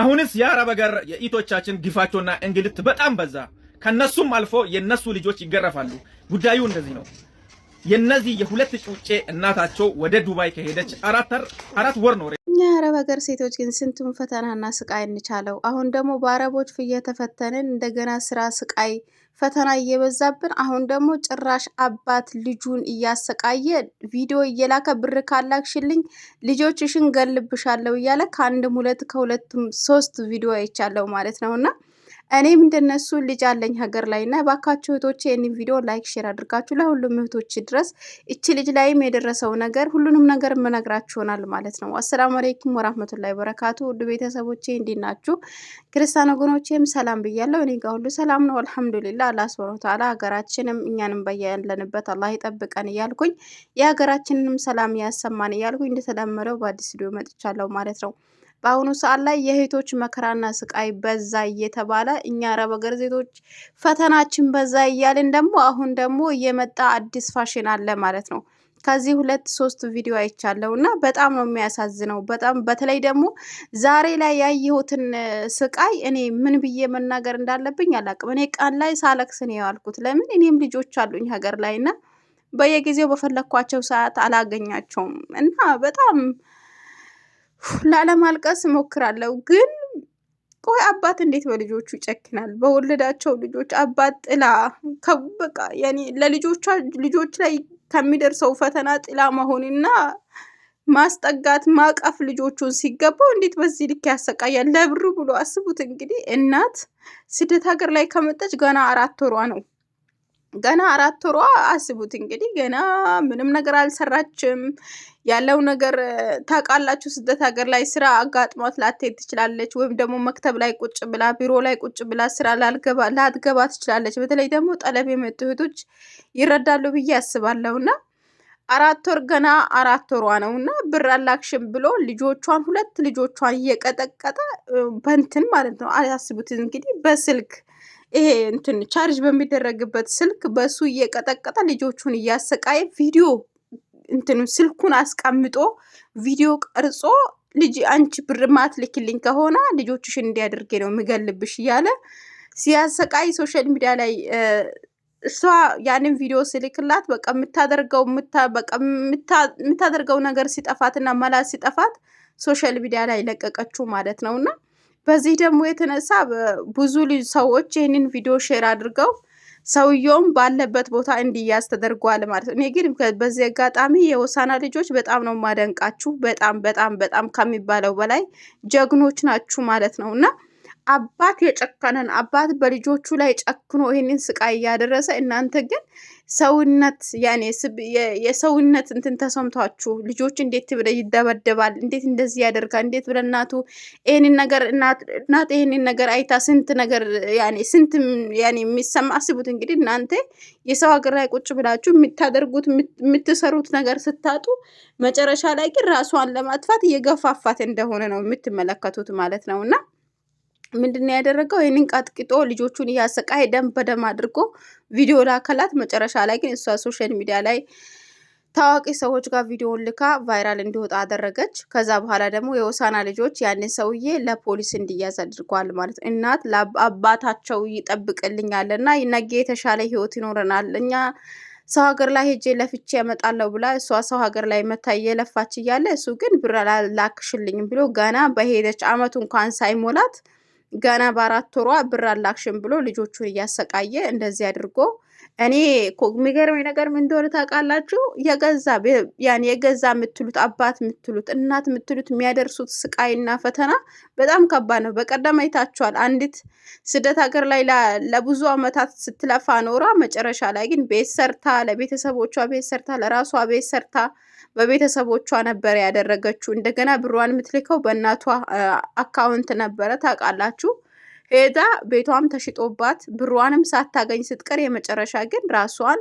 አሁንስ የአረብ ሀገር የኢቶቻችን ግፋቸውና እንግልት በጣም በዛ። ከነሱም አልፎ የነሱ ልጆች ይገረፋሉ። ጉዳዩ እንደዚህ ነው። የነዚህ የሁለት ጩጬ እናታቸው ወደ ዱባይ ከሄደች አራት ወር ነው እኛ የአረብ ሀገር ሴቶች ግን ስንቱን ፈተናና ስቃይ እንቻለው። አሁን ደግሞ በአረቦች እየተፈተንን እንደገና ስራ ስቃይ ፈተና እየበዛብን፣ አሁን ደግሞ ጭራሽ አባት ልጁን እያሰቃየ ቪዲዮ እየላከ ብር ካላክሽልኝ ልጆችሽን ገልብሻለሁ እያለ ከአንድም ሁለት ከሁለቱም ሶስት ቪዲዮ አይቻለሁ ማለት ነው እና እኔም እንደነሱ ልጅ አለኝ ሀገር ላይ እና ባካችሁ እህቶቼ ይህን ቪዲዮ ላይክ፣ ሼር አድርጋችሁ ለሁሉም እህቶች ድረስ እቺ ልጅ ላይም የደረሰው ነገር ሁሉንም ነገር የምነግራችሁ ይሆናል ማለት ነው። አሰላሙ አለይኩም ወራህመቱላሂ ወበረካቱ። ውድ ቤተሰቦቼ እንዴት ናችሁ? ክርስቲያን ወገኖቼም ሰላም ብያለሁ። እኔ ጋር ሁሉ ሰላም ነው አልሐምዱሊላህ። አላህ ሱብሃነሁ ወተዓላ ሀገራችንም እኛንም በያለንበት አላህ ይጠብቀን እያልኩኝ የሀገራችንንም ሰላም ያሰማን እያልኩኝ እንደተለመደው በአዲስ ቪዲዮ መጥቻለሁ ማለት ነው። በአሁኑ ሰዓት ላይ የእህቶች መከራና ስቃይ በዛ እየተባለ እኛ አረብ አገር ሴቶች ፈተናችን በዛ እያልን ደግሞ አሁን ደግሞ እየመጣ አዲስ ፋሽን አለ ማለት ነው። ከዚህ ሁለት ሶስት ቪዲዮ አይቻለሁ እና በጣም ነው የሚያሳዝነው። በጣም በተለይ ደግሞ ዛሬ ላይ ያየሁትን ስቃይ እኔ ምን ብዬ መናገር እንዳለብኝ አላቅም። እኔ ቀን ላይ ሳለቅስ ነው የዋልኩት። ለምን እኔም ልጆች አሉኝ ሀገር ላይ እና በየጊዜው በፈለግኳቸው ሰዓት አላገኛቸውም እና በጣም ላለማልቀስ እሞክራለሁ ግን ቆይ አባት እንዴት በልጆቹ ይጨክናል? በወለዳቸው ልጆች አባት ጥላ ያኔ ለልጆቿ ልጆች ላይ ከሚደርሰው ፈተና ጥላ መሆንና ማስጠጋት ማቀፍ ልጆቹን ሲገባው እንዴት በዚህ ልክ ያሰቃያል? ለብር ብሎ አስቡት እንግዲህ እናት ስደት ሀገር ላይ ከመጣች ገና አራት ወሯ ነው። ገና አራት ወሯ አስቡት እንግዲህ ገና ምንም ነገር አልሰራችም። ያለው ነገር ታውቃላችሁ። ስደት ሀገር ላይ ስራ አጋጥሟት ላትሄድ ትችላለች። ወይም ደግሞ መክተብ ላይ ቁጭ ብላ ቢሮ ላይ ቁጭ ብላ ስራ ላትገባ ትችላለች። በተለይ ደግሞ ጠለብ የመጡ እህቶች ይረዳሉ ብዬ አስባለሁ እና አራት ወር ገና አራት ወሯ ነው እና ብር አላክሽም ብሎ ልጆቿን ሁለት ልጆቿን እየቀጠቀጠ በንትን ማለት ነው። አያስቡት እንግዲህ በስልክ ይሄ እንትን ቻርጅ በሚደረግበት ስልክ በሱ እየቀጠቀጠ ልጆቹን እያሰቃየ ቪዲዮ እንትን ስልኩን አስቀምጦ ቪዲዮ ቀርጾ ልጅ አንቺ ብር ማትልክልኝ ከሆነ ልጆችሽ እንዲያደርጌ ነው ምገልብሽ እያለ ሲያሰቃይ ሶሻል ሚዲያ ላይ እሷ ያንን ቪዲዮ ስልክላት በቃ የምታደርገው የምታደርገው ነገር ሲጠፋት መላ ሲጠፋት ሶሻል ሚዲያ ላይ ለቀቀችው ማለት ነው። እና በዚህ ደግሞ የተነሳ ብዙ ልጅ ሰዎች ይህንን ቪዲዮ ሼር አድርገው ሰውየውም ባለበት ቦታ እንዲያዝ ተደርጓል ማለት ነው። እኔ ግን በዚህ አጋጣሚ የወሳና ልጆች በጣም ነው ማደንቃችሁ በጣም በጣም በጣም ከሚባለው በላይ ጀግኖች ናችሁ ማለት ነው እና አባት የጨከነን አባት በልጆቹ ላይ ጨክኖ ይህንን ስቃይ እያደረሰ እናንተ ግን ሰውነት ያኔ የሰውነት እንትን ተሰምቷችሁ ልጆች እንዴት ብለ ይደበደባል፣ እንዴት እንደዚህ ያደርጋል፣ እንዴት ብለ እናቱ ይህንን ነገር እናት ይህንን ነገር አይታ ስንት ነገር ያኔ ስንት ያኔ የሚሰማ አስቡት። እንግዲህ እናንተ የሰው ሀገር ላይ ቁጭ ብላችሁ የምታደርጉት የምትሰሩት ነገር ስታጡ መጨረሻ ላይ ግን ራሷን ለማጥፋት እየገፋፋት እንደሆነ ነው የምትመለከቱት ማለት ነው እና ምንድን ነው ያደረገው? ይህንን ቀጥቅጦ ልጆቹን እያሰቃይ ደም በደም አድርጎ ቪዲዮ ላከላት። መጨረሻ ላይ ግን እሷ ሶሻል ሚዲያ ላይ ታዋቂ ሰዎች ጋር ቪዲዮውን ልካ ቫይራል እንዲወጣ አደረገች። ከዛ በኋላ ደግሞ የወሳና ልጆች ያንን ሰውዬ ለፖሊስ እንዲያዝ አድርጓል። ማለት ነው። እናት ለአባታቸው ይጠብቅልኛል እና ነገ የተሻለ ህይወት ይኖረናል እኛ ሰው ሀገር ላይ ሄጄ ለፍቼ ያመጣለሁ ብላ እሷ ሰው ሀገር ላይ መታ እየለፋች እያለ እሱ ግን ብር ላክሽልኝም ብሎ ገና በሄደች አመቱ እንኳን ሳይሞላት ገና በአራት ወሯ ብር አላክሽም ብሎ ልጆቹን እያሰቃየ እንደዚህ አድርጎ እኔ የሚገርመኝ ነገር ምን እንደሆነ ታውቃላችሁ? የገዛ ያን የገዛ የምትሉት አባት የምትሉት እናት የምትሉት የሚያደርሱት ስቃይና ፈተና በጣም ከባድ ነው። በቀደም አይታችኋል። አንዲት ስደት ሀገር ላይ ለብዙ ዓመታት ስትለፋ ኖራ መጨረሻ ላይ ግን ቤት ሰርታ ለቤተሰቦቿ ቤት ሰርታ ለራሷ ቤት ሰርታ በቤተሰቦቿ ነበረ ያደረገችው። እንደገና ብሯን የምትልከው በእናቷ አካውንት ነበረ ታውቃላችሁ። ኤዳ ቤቷም ተሽጦባት ብሯንም ሳታገኝ ስትቀር የመጨረሻ ግን ራሷን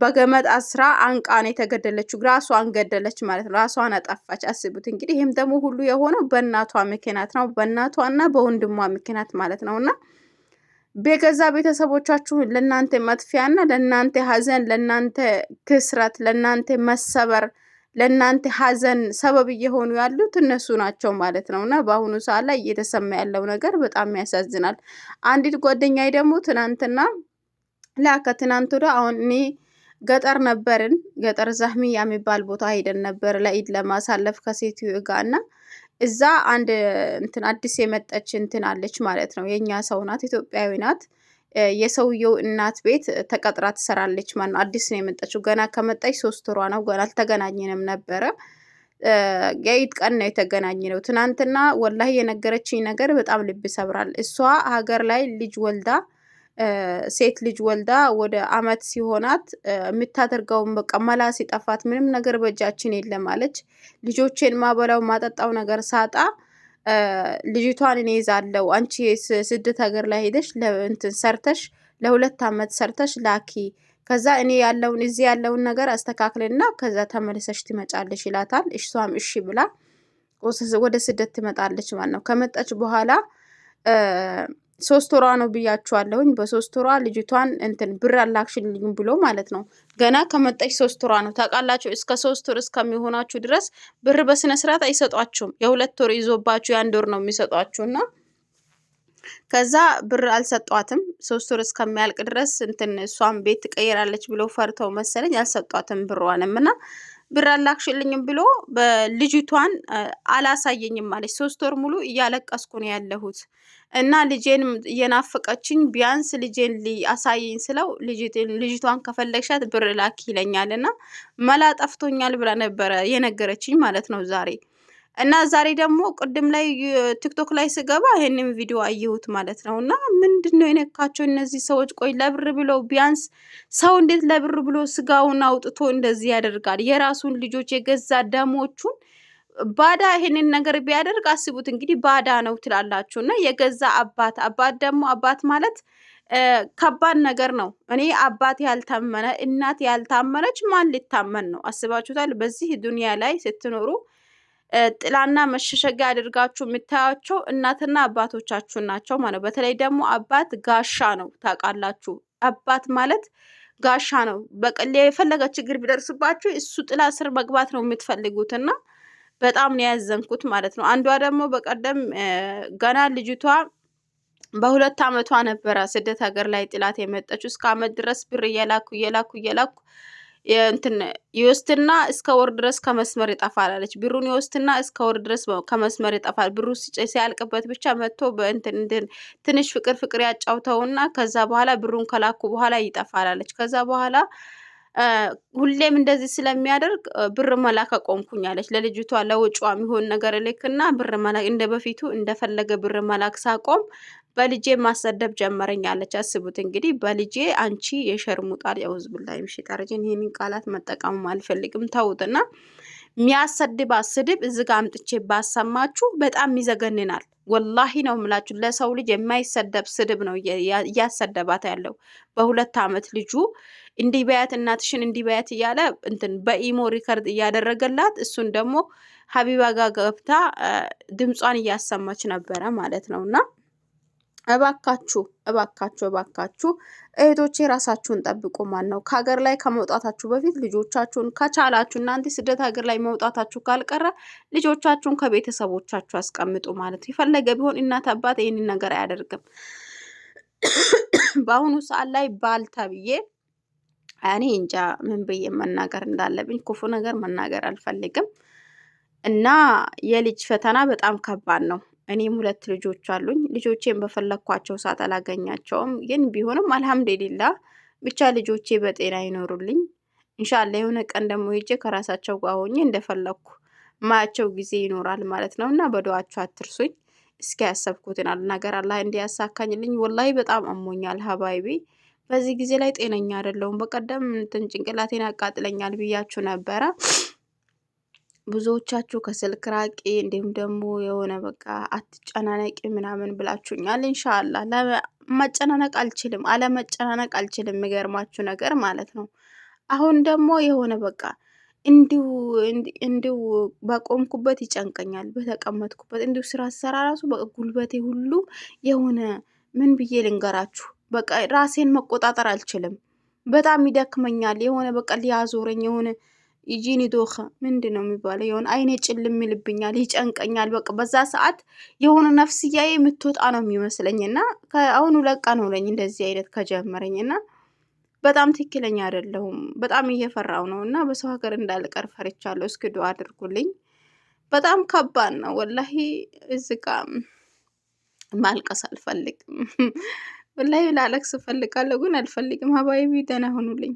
በገመድ አስራ አንቃን የተገደለችው ራሷን ገደለች ማለት ነው። ራሷን አጠፋች። አስቡት እንግዲህ። ይህም ደግሞ ሁሉ የሆነው በእናቷ ምክንያት ነው። በእናቷና በወንድሟ ምክንያት ማለት ነው እና በገዛ ቤተሰቦቻችሁ ለእናንተ መጥፊያና ለእናንተ ሀዘን ለእናንተ ክስረት፣ ለእናንተ መሰበር ለእናንተ ሀዘን ሰበብ እየሆኑ ያሉት እነሱ ናቸው ማለት ነው። እና በአሁኑ ሰዓት ላይ እየተሰማ ያለው ነገር በጣም ያሳዝናል። አንዲት ጓደኛዬ ደግሞ ትናንትና ላከ ትናንት ወደ አሁን እኔ ገጠር ነበርን። ገጠር ዛህሚያ የሚባል ቦታ ሄደን ነበር ለኢድ ለማሳለፍ ከሴትዮ ጋ እና እዛ አንድ እንትን አዲስ የመጣች እንትን አለች ማለት ነው። የእኛ ሰው ናት፣ ኢትዮጵያዊ ናት። የሰውየው እናት ቤት ተቀጥራ ትሰራለች ማለት ነው። አዲስ ነው የመጣችው። ገና ከመጣች ሶስት ወሯ ነው። ገና አልተገናኘንም ነበረ። የኢድ ቀን ነው የተገናኘ ነው። ትናንትና ወላሂ የነገረችኝ ነገር በጣም ልብ ይሰብራል። እሷ ሀገር ላይ ልጅ ወልዳ ሴት ልጅ ወልዳ ወደ አመት ሲሆናት የምታደርገውን በቃ መላ ሲጠፋት ምንም ነገር በእጃችን የለም አለች። ልጆቼን ማበላው ማጠጣው ነገር ሳጣ ልጅቷን እኔ ይዛለው አንቺ ስደት ሀገር ላይ ሄደሽ ለእንትን ሰርተሽ ለሁለት አመት ሰርተሽ ላኪ፣ ከዛ እኔ ያለውን እዚህ ያለውን ነገር አስተካክልና ከዛ ተመልሰሽ ትመጫለሽ ይላታል። እሷም እሺ ብላ ወደ ስደት ትመጣለች ማለት ነው። ከመጣች በኋላ ሶስት ወሯ ነው ብያችኋለሁኝ። በሶስት ወሯ ልጅቷን እንትን ብር አላክሽልኝም ብሎ ማለት ነው። ገና ከመጣች ሶስት ወሯ ነው ታውቃላችሁ። እስከ ሶስት ወር እስከሚሆናችሁ ድረስ ብር በስነ ስርዓት አይሰጧችሁም። የሁለት ወር ይዞባችሁ የአንድ ወር ነው የሚሰጧችሁ እና ከዛ ብር አልሰጧትም። ሶስት ወር እስከሚያልቅ ድረስ እንትን እሷን ቤት ትቀይራለች ብለው ፈርተው መሰለኝ አልሰጧትም ብሯንም እና ብር አላክሽልኝም ብሎ ልጅቷን አላሳየኝም አለች። ሶስት ወር ሙሉ እያለቀስኩ ነው ያለሁት እና ልጄን እየናፈቀችኝ ቢያንስ ልጄን አሳየኝ ስለው ልጅቷን ከፈለግሻት ብር ላክ ይለኛል እና መላ ጠፍቶኛል ብላ ነበረ የነገረችኝ ማለት ነው ዛሬ እና ዛሬ ደግሞ ቅድም ላይ ቲክቶክ ላይ ስገባ ይሄንን ቪዲዮ አየሁት ማለት ነው። እና ምንድን ነው የነካቸው እነዚህ ሰዎች? ቆይ ለብር ብለው ቢያንስ ሰው እንዴት ለብር ብሎ ስጋውን አውጥቶ እንደዚህ ያደርጋል? የራሱን ልጆች የገዛ ደሞቹን ባዳ ይሄንን ነገር ቢያደርግ አስቡት እንግዲህ ባዳ ነው ትላላችሁ። እና የገዛ አባት አባት ደግሞ አባት ማለት ከባድ ነገር ነው። እኔ አባት ያልታመነ እናት ያልታመነች ማን ሊታመን ነው? አስባችሁታል? በዚህ ዱንያ ላይ ስትኖሩ ጥላና መሸሸጊያ አድርጋችሁ የምታያቸው እናትና አባቶቻችሁን ናቸው ማለት በተለይ ደግሞ አባት ጋሻ ነው ታውቃላችሁ። አባት ማለት ጋሻ ነው። በቀል የፈለገ ችግር ቢደርስባችሁ እሱ ጥላ ስር መግባት ነው የምትፈልጉት እና በጣም ነው ያዘንኩት ማለት ነው። አንዷ ደግሞ በቀደም ገና ልጅቷ በሁለት አመቷ ነበረ ስደት ሀገር ላይ ጥላት የመጠችው እስከ አመት ድረስ ብር እየላኩ እየላኩ እየላኩ እንትን ይወስድና እስከ ወር ድረስ ከመስመር ይጠፋል አለች። ብሩን ይወስድና እስከ ወር ድረስ ከመስመር ይጠፋል። ብሩ ሲያልቅበት ብቻ መጥቶ በእንትን ትንሽ ፍቅር ፍቅር ያጫውተውና ከዛ በኋላ ብሩን ከላኩ በኋላ ይጠፋል አለች። ከዛ በኋላ ሁሌም እንደዚህ ስለሚያደርግ ብር መላክ አቆምኩኝ አለች። ለልጅቷ ለውጭዋ የሚሆን ነገር ልክና ብር መላክ እንደ በፊቱ እንደፈለገ ብር መላክ ሳቆም በልጄ ማሰደብ ጀመረኝ አለች። አስቡት እንግዲህ በልጄ አንቺ የሸርሙጣ የውዝብ ላይ ምሽጠርጅን ይህንን ቃላት መጠቀሙም አልፈልግም ተውትና፣ የሚያሰድባት ስድብ እዚ ጋ አምጥቼ ባሰማችሁ በጣም ይዘገንናል። ወላሂ ነው ምላችሁ። ለሰው ልጅ የማይሰደብ ስድብ ነው እያሰደባት ያለው። በሁለት ዓመት ልጁ እንዲህ በያት እናትሽን እንዲህ በያት እያለ እንትን በኢሞ ሪከርድ እያደረገላት እሱን ደግሞ ሀቢባ ጋ ገብታ ድምጿን እያሰማች ነበረ ማለት ነው እና እባካችሁ እባካችሁ እባካችሁ እህቶቼ ራሳችሁን ጠብቁ። ማን ነው ከሀገር ላይ ከመውጣታችሁ በፊት ልጆቻችሁን ከቻላችሁ እናንተ ስደት ሀገር ላይ መውጣታችሁ ካልቀረ ልጆቻችሁን ከቤተሰቦቻችሁ አስቀምጡ ማለት ነው። የፈለገ ቢሆን እናት አባት ይህንን ነገር አያደርግም። በአሁኑ ሰዓት ላይ ባል ተብዬ እኔ እንጃ ምን ብዬ መናገር እንዳለብኝ ክፉ ነገር መናገር አልፈልግም እና የልጅ ፈተና በጣም ከባድ ነው። እኔም ሁለት ልጆች አሉኝ። ልጆቼን በፈለግኳቸው ሰዓት አላገኛቸውም። ግን ቢሆንም አልሐምዱሊላ ብቻ ልጆቼ በጤና ይኖሩልኝ። እንሻላ የሆነ ቀን ደግሞ ሄጄ ከራሳቸው ጋር ሆኜ እንደፈለግኩ ማያቸው ጊዜ ይኖራል ማለት ነው እና በዶዋቸው አትርሱኝ። እስኪ ያሰብኩትን ነገር አላህ እንዲያሳካኝልኝ። ወላሂ በጣም አሞኛል ሀባይቢ። በዚህ ጊዜ ላይ ጤነኛ አይደለሁም። በቀደም እንትን ጭንቅላቴን ያቃጥለኛል ብያችሁ ነበረ። ብዙዎቻችሁ ከስልክ ራቂ፣ እንዲሁም ደግሞ የሆነ በቃ አትጨናነቂ ምናምን ብላችሁኛል። እንሻላ መጨናነቅ አልችልም፣ አለመጨናነቅ አልችልም። የሚገርማችሁ ነገር ማለት ነው። አሁን ደግሞ የሆነ በቃ እንዲሁ እንዲሁ በቆምኩበት ይጨንቀኛል፣ በተቀመጥኩበት እንዲሁ ስራ ሰራ ራሱ ጉልበቴ ሁሉ የሆነ ምን ብዬ ልንገራችሁ፣ በቃ ራሴን መቆጣጠር አልችልም። በጣም ይደክመኛል። የሆነ በቃ ሊያዞረኝ የሆነ ይጂኒ ዶኸ ምንድን ነው የሚባለው? የሆነ አይኔ ጭልም ይልብኛል፣ ይጨንቀኛል። በቃ በዛ ሰዓት የሆነ ነፍስያዬ የምትወጣ ነው የሚመስለኝ እና አሁን ለቃ ነው ለኝ እንደዚህ አይነት ከጀመረኝ እና በጣም ትክክለኛ አይደለሁም። በጣም እየፈራው ነው እና በሰው ሀገር እንዳልቀር ፈርቻለሁ። እስኪ ዱአ አድርጉልኝ። በጣም ከባድ ነው ወላሂ። እዚህ ማልቀስ አልፈልግም ወላሂ፣ ላለቅስ እፈልጋለሁ ግን አልፈልግም። ሀባይቢ ደህና ሆኑልኝ።